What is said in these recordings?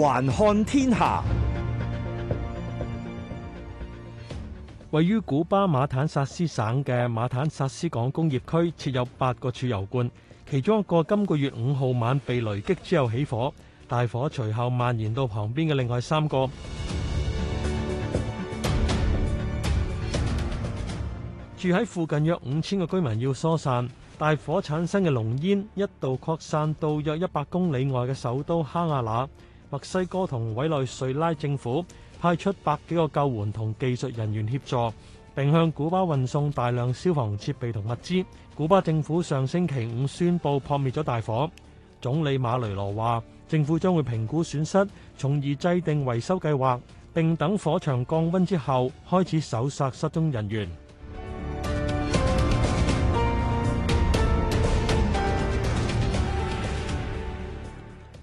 環看天下，位於古巴馬坦薩斯省嘅馬坦薩斯港工業區設有八個儲油罐，其中一個今個月五號晚被雷擊之後起火，大火隨後蔓延到旁邊嘅另外三個。住喺附近約五千個居民要疏散，大火產生嘅濃煙一度擴散到約一百公里外嘅首都哈瓦那。墨西哥同委內瑞拉政府派出百幾個救援同技術人員協助，並向古巴運送大量消防設備同物資。古巴政府上星期五宣布撲滅咗大火。總理馬雷羅話：政府將會評估損失，從而制定維修計劃，並等火場降温之後開始搜索失蹤人員。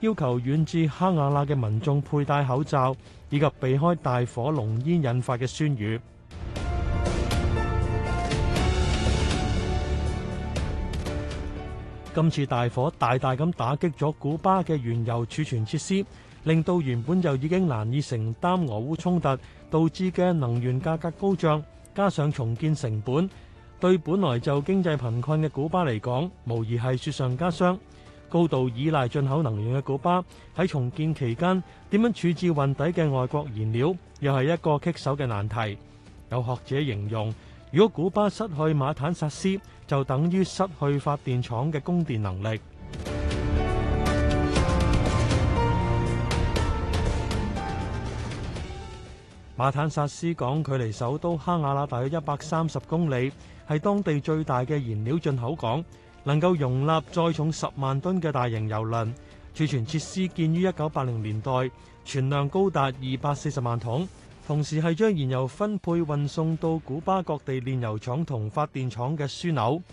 要求遠至哈瓦那嘅民眾佩戴口罩，以及避開大火濃煙引發嘅酸雨。今次大火大大咁打擊咗古巴嘅原油儲存設施，令到原本就已經難以承擔俄烏衝突導致嘅能源價格高漲，加上重建成本，對本來就經濟貧困嘅古巴嚟講，無疑係雪上加霜。高度依賴進口能源嘅古巴喺重建期間，點樣處置運抵嘅外國燃料，又係一個棘手嘅難題。有學者形容，如果古巴失去馬坦薩斯，就等於失去發電廠嘅供電能力。馬坦薩斯港距離首都哈瓦那大約一百三十公里，係當地最大嘅燃料進口港。能夠容納載重十萬噸嘅大型油輪，儲存設施建於一九八零年代，存量高達二百四十萬桶。同時係將燃油分配運送到古巴各地煉油廠同發電廠嘅樞紐。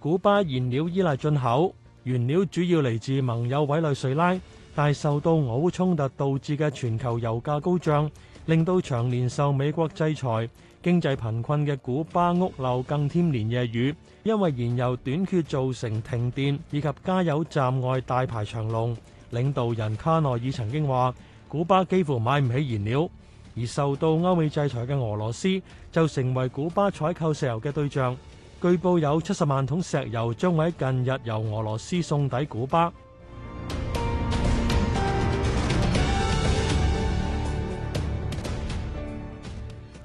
古巴燃料依賴進口，原料主要嚟自盟友委內瑞拉，但受到俄烏衝突導致嘅全球油價高漲。令到長年受美國制裁、經濟貧困嘅古巴屋漏更添連夜雨，因為燃油短缺造成停電以及加油站外大排長龍。領導人卡內爾曾經話，古巴幾乎買唔起燃料，而受到歐美制裁嘅俄羅斯就成為古巴採購石油嘅對象。據報有七十萬桶石油將會喺近日由俄羅斯送抵古巴。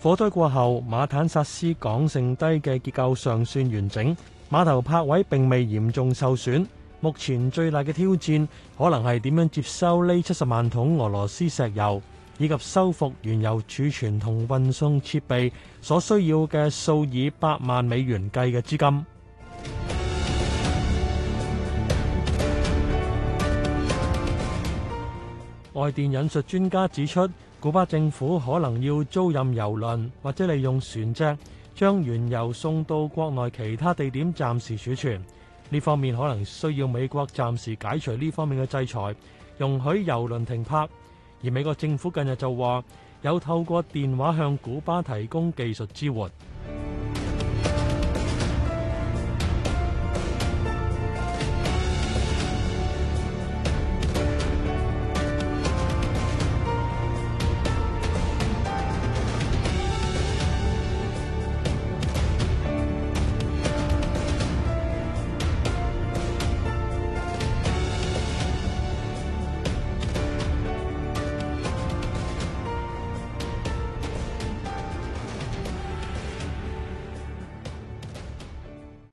火災過後，馬坦薩斯港剩低嘅結構尚算完整，碼頭泊位並未嚴重受損。目前最大嘅挑戰可能係點樣接收呢七十萬桶俄羅斯石油，以及修復原油儲存同運送設備所需要嘅數以百萬美元計嘅資金。外電引述專家指出。古巴政府可能要租賃油輪，或者利用船隻將原油送到國內其他地點暫時儲存。呢方面可能需要美國暫時解除呢方面嘅制裁，容許油輪停泊。而美國政府近日就話有透過電話向古巴提供技術支援。